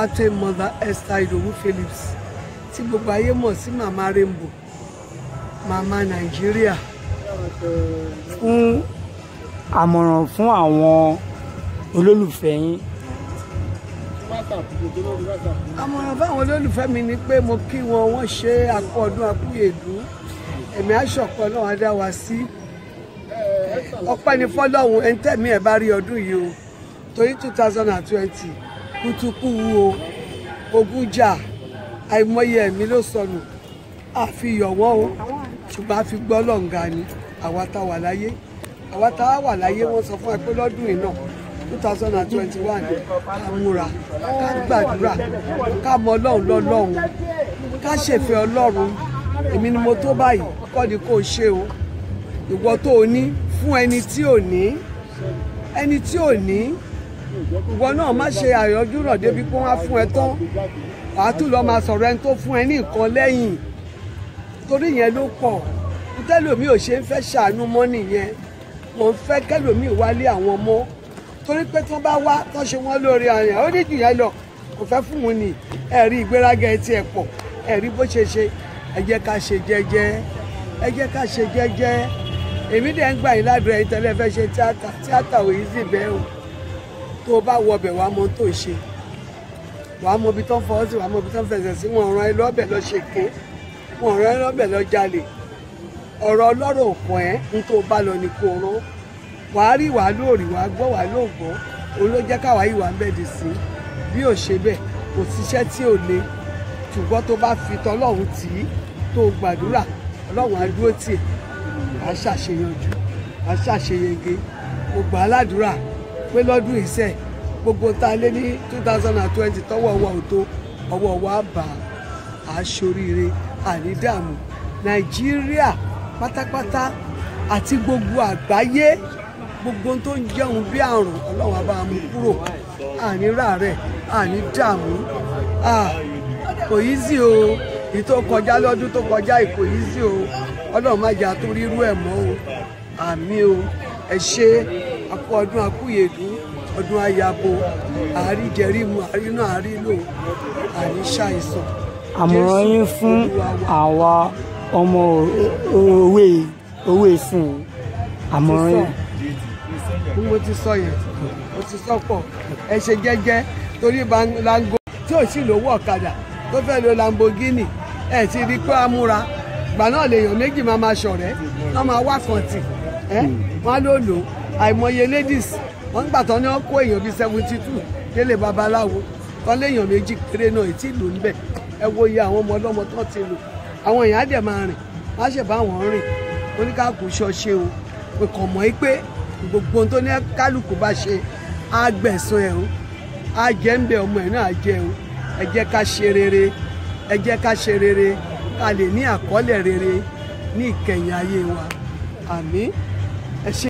fatwe mother esther idowu phillips tí gbogbo ayé mọ̀ sí màmá rainbow màmá nàìjíríà. fún àmọ̀ràn fún àwọn olólùfẹ́ yín. àmọ̀ràn fáwọn olólùfẹ́ mi ni pé mo kí wọn wọ́n ṣe àpò ọdún àkúyèdú ẹ̀mí aṣọ̀pọ̀ náà á dá wa sí ọpẹ́ ni fọ́lọ́hún ẹ̀ńtẹ́mí ẹ̀ bá rí ọdún yìí o torí two thousand and twenty kùtùkùwù o ogun jà àìmọye ẹ̀mí ló sọnù àfi yọ̀wọ́ o ṣùgbọ́n a fi gbọ́ lọ́ǹgà ni àwa tá wà láyé àwa tá wà láyé wọ́n sọ fún ẹ pé lọ́dún yìí náà two thousand and twenty one ká múra ká gbàdúrà ká mọ ọlọ́run lọ́lọ́run ká ṣèfẹ́ ọlọ́run èmi ni mo tó báyìí kọ́ ni kò ṣe o ìwọ tó o ní fún ẹni tí ò ní ẹni tí ò ní ìwọ náà má ṣe àyànjúràn débi pé wọ́n á fún ẹ tán wàá tún lọ́ọ́ máa sọ̀rọ̀ ẹni tó fún ẹ ní nǹkan lẹ́yìn torí yẹn ló pọ̀ tẹ́lòmíì ò ṣe ń fẹ́ ṣàánú mọ́ nìyẹn mò ń fẹ́ kẹ́lòmíì wálé àwọn ọmọ torí pé tí wọ́n bá wá tó ṣe wọ́n lórí àyàn ó ní jù yẹn lọ kò fẹ́ fún wọn ni ẹ̀rí ìgbéraga ẹtì ẹ̀ pọ̀ ẹ̀rí bó ṣe ṣe ẹ jẹ́ ká ṣe jẹ́jẹ́ ẹ jẹ́ ká ṣe jẹ́jẹ́ èmi dẹ̀ ń gbà yín ládùúrà yín tẹ́lẹ̀ fẹ́ ṣe tíátà tíátà ò yí o tó o bá wọ ọbẹ̀ wàá mọ tó ṣe wàá mọ ibi tó ń fọwọ́ sí wàá mọ ibi tó ń fẹsẹ̀ sí wọn ràn ẹ́ lọ́bẹ̀ lọ ṣe ké wọn ràn ẹ́ lọ́bẹ̀ lọ jalè ọ̀rọ̀ ọlọ́rọ̀ ọ̀pọ̀ ẹ́ ń tó o bá lọ ní kó o rán wàá rí wàá lóòrì wàá gbọ́ wàá lóògbọ́ òun ló yìí wàá bẹ̀dẹ̀ sí bí ò ṣe bẹ́ẹ̀ kò síṣẹ́ tí ò le ṣùgbọ́n tó bá fi tọ́lọ́run tì í tó gbàdúrà ọlọ́run á tì í á ṣàṣeyanjú á ṣàṣeyege mo gbà pé lọ́dún ìṣẹ́ gbogbo tá a lé ní two thousand and twenty tọ́wọ́ wa ò tó bá a ṣoríire ànídàmú. nàìjíríà pátápátá àti gbogbo àgbáyé gbogbo tó ń jẹun bí àrùn ọlọ́wọ́ á mú kúrò àní rẹ̀ ànídàmú. kò yí àkú ọdún àkúyèdú ọdún ayabo àríjẹrímu àrínà àrílò àríṣàìsàn. àmọ̀ràn yín fún àwa ọmọ òwe òwe ìsìn àmọ̀ràn yín. mo ti sọ yẹn mo ti sọ pọ̀ ẹ ṣe jẹ́jẹ́ torí lango tí ò sì lówó ọ̀kadà tó fẹ́ lo Lamborghini ẹ̀ ti rí pé amúra gbà náà lèèyàn méjì máa ma ṣọ̀rẹ́ wọ́n máa wá kan tì wọ́n á lò lò ó àìmọye ladies wọ́n gbà tán ni wọ́n kó èèyàn bíi seventy two délé babaláwo tán léèyàn méjì péré náà ètí ìlú níbẹ̀ ẹ wo iye àwọn ọmọ ọlọ́mọ tán ti lò àwọn èèyàn á dẹ̀ máa rìn wọ́n á ṣẹ̀ bá wọn rìn oníkàkù ṣọṣe o pé kàn mọ́ ẹ pé gbogbo ohun tó ní kálukú bá ṣe á gbẹ̀sán ẹ̀ o á jẹ́ ń bẹ ọmọ ẹ̀ náà á o ẹ jẹ́ ká ṣe rere ẹ jẹ́ ká ṣe rere ká lè ní àkọọ́lẹ̀ rere ní ìkẹyìn ayé wa àmín ẹ ṣe.